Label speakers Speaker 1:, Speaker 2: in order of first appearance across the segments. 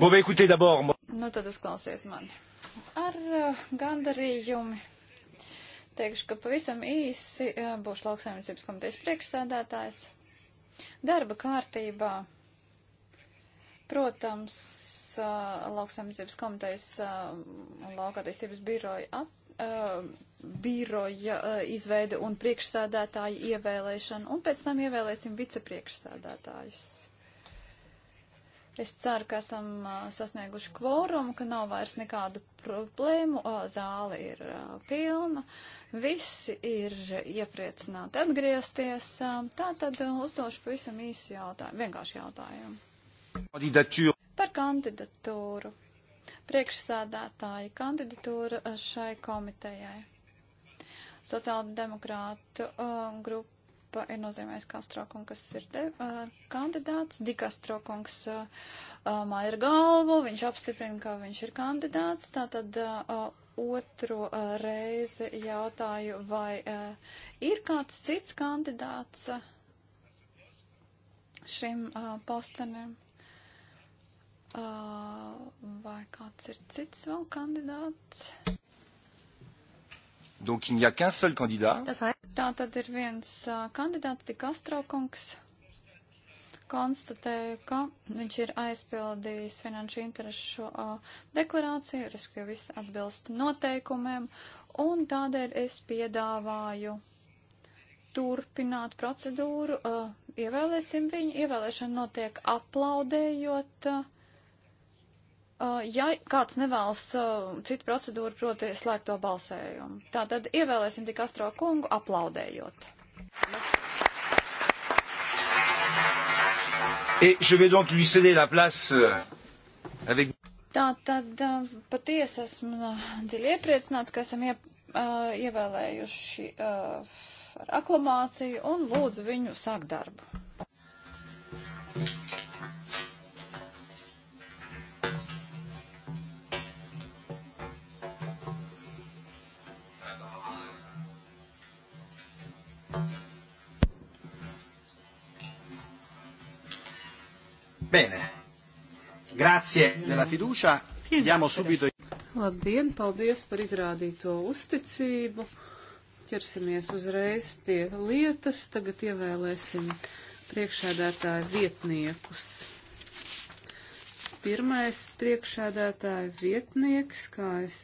Speaker 1: Bon, bah, écoutez, d'abord, moi... Nu, tad uzklausiet mani. Ar uh, gandarījumi teikšu, ka pavisam īsi uh, būšu lauksaimniecības komitejas priekšsēdētājs. Darba kārtībā, protams, uh, lauksaimniecības komitejas uh, un uh, laukātīstības biroja at, Uh, biroja uh, izveida un priekšsēdētāja ievēlēšana, un pēc tam ievēlēsim vicepriekšsēdētājus. Es ceru, ka esam sasnieguši kvorumu, ka nav vairs nekādu problēmu. O, zāle ir a, pilna, visi ir iepriecināti atgriezties. Tā tad uzdošu pavisam īsu jautājumu, vienkārši jautājumu. Par kandidatūru. Priekšsādātāja kandidatūra šai komitejai. Sociāldemokrātu grupa grupa ir nozīmējis Kastrokungs, kas ir de, uh, kandidāts. Dikastrokungs uh, māja ir galvu, viņš apstiprina, ka viņš ir kandidāts. Tātad uh, otru uh, reizi jautāju, vai uh, ir kāds cits kandidāts uh, šim uh, postenim. Uh, vai kāds ir cits vēl kandidāts? Donc il n'y a qu'un seul candidat. Tā tad ir viens uh, kandidāts, tik Astrokungs, konstatēja, ka viņš ir aizpildījis finanšu interesu uh, deklarāciju, respektīvi viss atbilst noteikumiem, un tādēļ es piedāvāju turpināt procedūru, uh, ievēlēsim viņu, ievēlēšana notiek aplaudējot. Uh, Uh, ja kāds nevēlas uh, citu procedūru, proti slēgto balsējumu. Tātad ievēlēsim tik astro kungu aplaudējot. Et je vais donc lui céder la place euh, avec... Tā tad uh, patiesi esmu dziļi iepriecināts, ka esam ie, uh, ievēlējuši uh, ar aklamāciju un lūdzu viņu sākt darbu. Grazie della fiducia.
Speaker 2: Diamo subito. Labdien, paldies par izrādīto uzticību. Ķersimies uzreiz pie lietas. Tagad ievēlēsim priekšēdētāju vietniekus. Pirmais priekšēdētāju vietnieks, kā, es,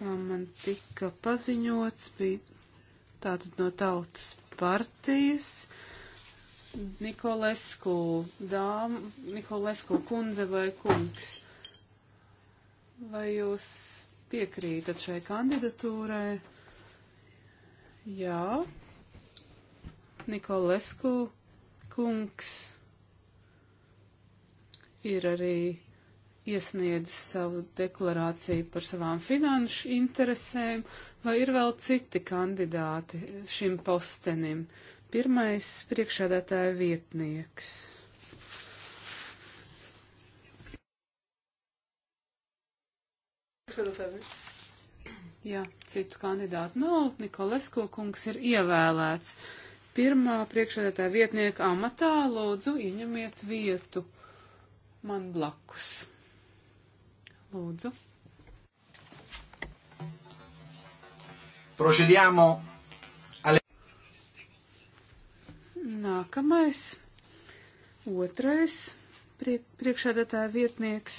Speaker 2: kā man tika paziņots, bija tātad no tautas partijas Nikolesku dām, Nikolesku kundze vai kungs. Vai jūs piekrītat šai kandidatūrai? Jā. Nikolesku kungs ir arī iesniedzis savu deklarāciju par savām finanšu interesēm, vai ir vēl citi kandidāti šim postenim? Pirmais priekšādātāja vietnieks. Jā, citu kandidātu nav. No, Nikolesko kungs ir ievēlēts. Pirmā priekšādātāja vietnieka amatā lūdzu ieņemiet vietu man blakus. Lūdzu.
Speaker 1: Procediamo
Speaker 2: Nākamais, otrais priek priekšādātāja vietnieks.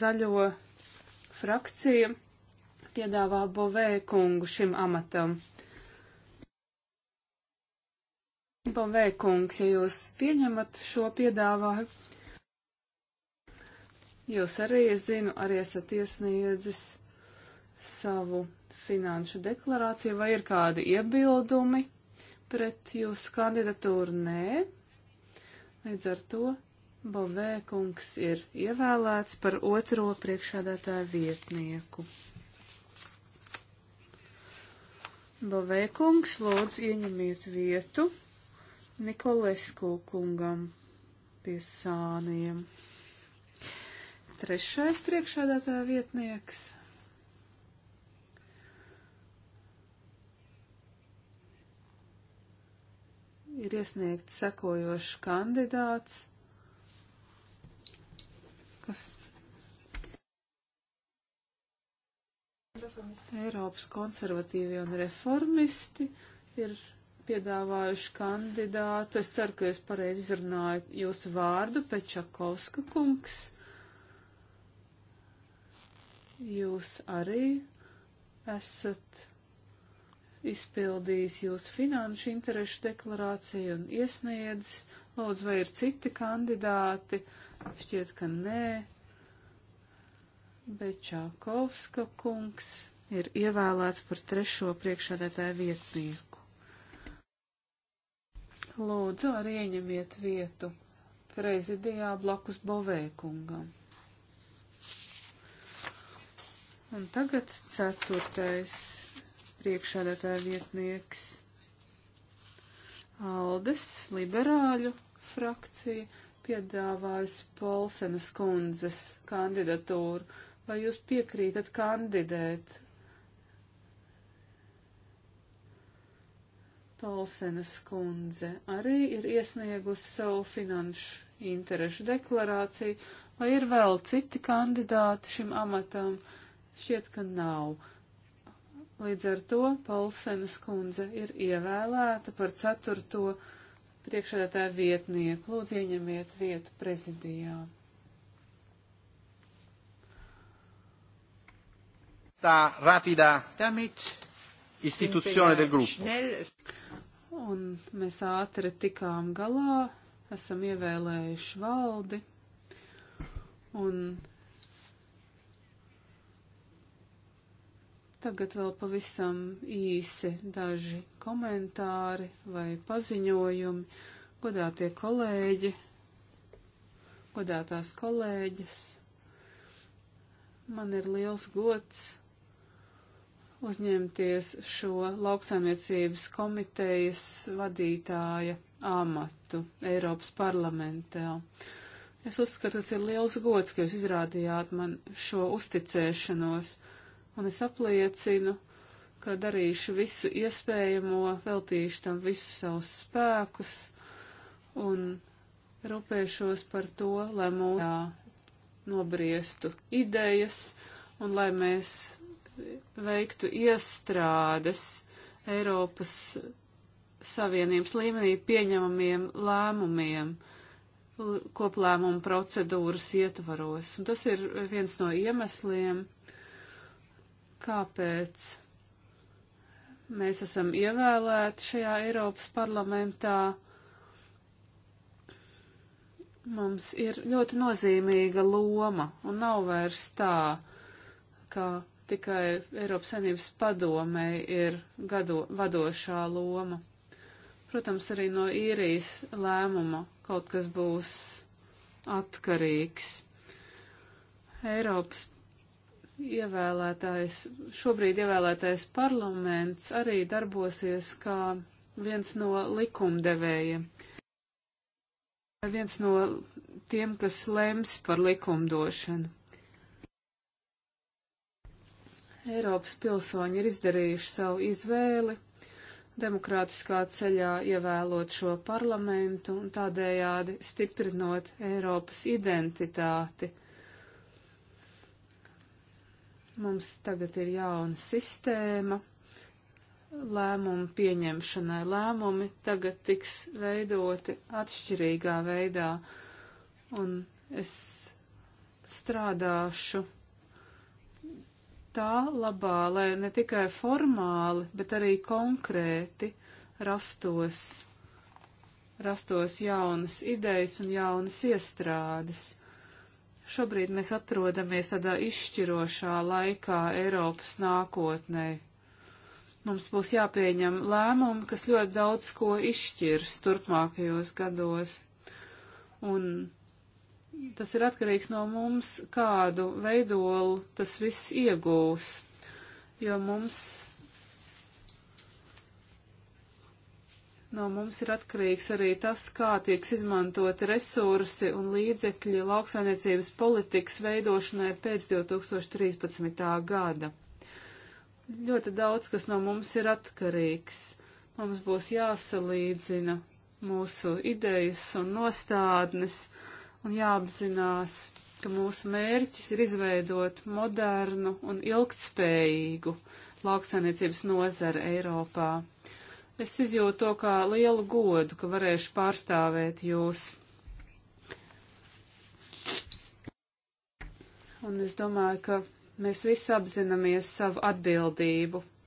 Speaker 2: Zaļo frakcija piedāvā Bovē kungu šim amatam. Bovē kungs, ja jūs pieņemat šo piedāvājumu, jūs arī, es zinu, arī esat iesniedzis savu finanšu deklarāciju, vai ir kādi iebildumi pret jūsu kandidatūru? Nē. Līdz ar to Bovē kungs ir ievēlēts par otro priekšādātāju vietnieku. Bovē kungs lūdzu ieņemiet vietu Nikolesku kungam pie sāniem. Trešais priekšādātāja vietnieks ir iesniegts sekojošs kandidāts, kas Eiropas konservatīvie un reformisti ir piedāvājuši kandidātu. Es ceru, ka es pareizi izrunāju jūsu vārdu, Pečakovska kungs. Jūs arī esat izpildījis jūsu finanšu interešu deklarāciju un iesniedzis. Lūdzu, vai ir citi kandidāti? Šķiet, ka nē. Bet Čākovska kungs ir ievēlēts par trešo priekšādētāju vietnieku. Lūdzu, arī ieņemiet vietu prezidijā blakus Bovēkungam. Un tagad ceturtais priekšādātāja vietnieks. Aldes, liberāļu frakcija, piedāvājas Polsenas kundzes kandidatūru. Vai jūs piekrītat kandidēt? Polsenas kundze arī ir iesniegusi savu finanšu interešu deklarāciju, vai ir vēl citi kandidāti šim amatam? Šķiet, ka nav. Līdz ar to Polsenas kundze ir ievēlēta par ceturto priekšādātāju vietnieku. Lūdzu, ieņemiet vietu prezidijā.
Speaker 1: questa rapida
Speaker 2: istituzione del gruppo. Un mēs ātri tikām galā, esam ievēlējuši valdi, un Tagad vēl pavisam īsi daži komentāri vai paziņojumi. Godātie kolēģi, godātās kolēģis, man ir liels gods uzņemties šo lauksaimniecības komitejas vadītāja amatu Eiropas parlamentā. Es uzskatu, tas ir liels gods, ka jūs izrādījāt man šo uzticēšanos un es apliecinu, ka darīšu visu iespējamo, veltīšu tam visus savus spēkus un rūpēšos par to, lai mūsu nobriestu idejas un lai mēs veiktu iestrādes Eiropas Savienības līmenī pieņemamiem lēmumiem koplēmumu procedūras ietvaros. Un tas ir viens no iemesliem, uh, kāpēc mēs esam ievēlēti šajā Eiropas parlamentā. Mums ir ļoti nozīmīga loma un nav vairs tā, ka tikai Eiropas Savienības padomē ir gado, vadošā loma. Protams, arī no īrijas lēmuma kaut kas būs atkarīgs. Eiropas ievēlētais, šobrīd ievēlētais parlaments arī darbosies kā viens no likumdevējiem, viens no tiem, kas lems par likumdošanu. Eiropas pilsoņi ir izdarījuši savu izvēli, demokrātiskā ceļā ievēlot šo parlamentu un tādējādi stiprinot Eiropas identitāti. Mums tagad ir jauna sistēma lēmumu pieņemšanai. Lēmumi tagad tiks veidoti atšķirīgā veidā, un es strādāšu tā labā, lai ne tikai formāli, bet arī konkrēti rastos, rastos jaunas idejas un jaunas iestrādes. Šobrīd mēs atrodamies tādā izšķirošā laikā Eiropas nākotnē. Mums būs jāpieņem lēmumi, kas ļoti daudz ko izšķirs turpmākajos gados. Un tas ir atkarīgs no mums, kādu veidolu tas viss iegūs, jo mums No mums ir atkarīgs arī tas, kā tiek izmantoti resursi un līdzekļi lauksainiecības politikas veidošanai pēc 2013. gada. Ļoti daudz, kas no mums ir atkarīgs. Mums būs jāsalīdzina mūsu idejas un nostādnes un jāapzinās, ka mūsu mērķis ir izveidot modernu un ilgtspējīgu lauksainiecības nozari Eiropā. Es izjūtu to kā lielu godu, ka varēšu pārstāvēt jūs. Un es domāju, ka mēs visi apzināmies savu atbildību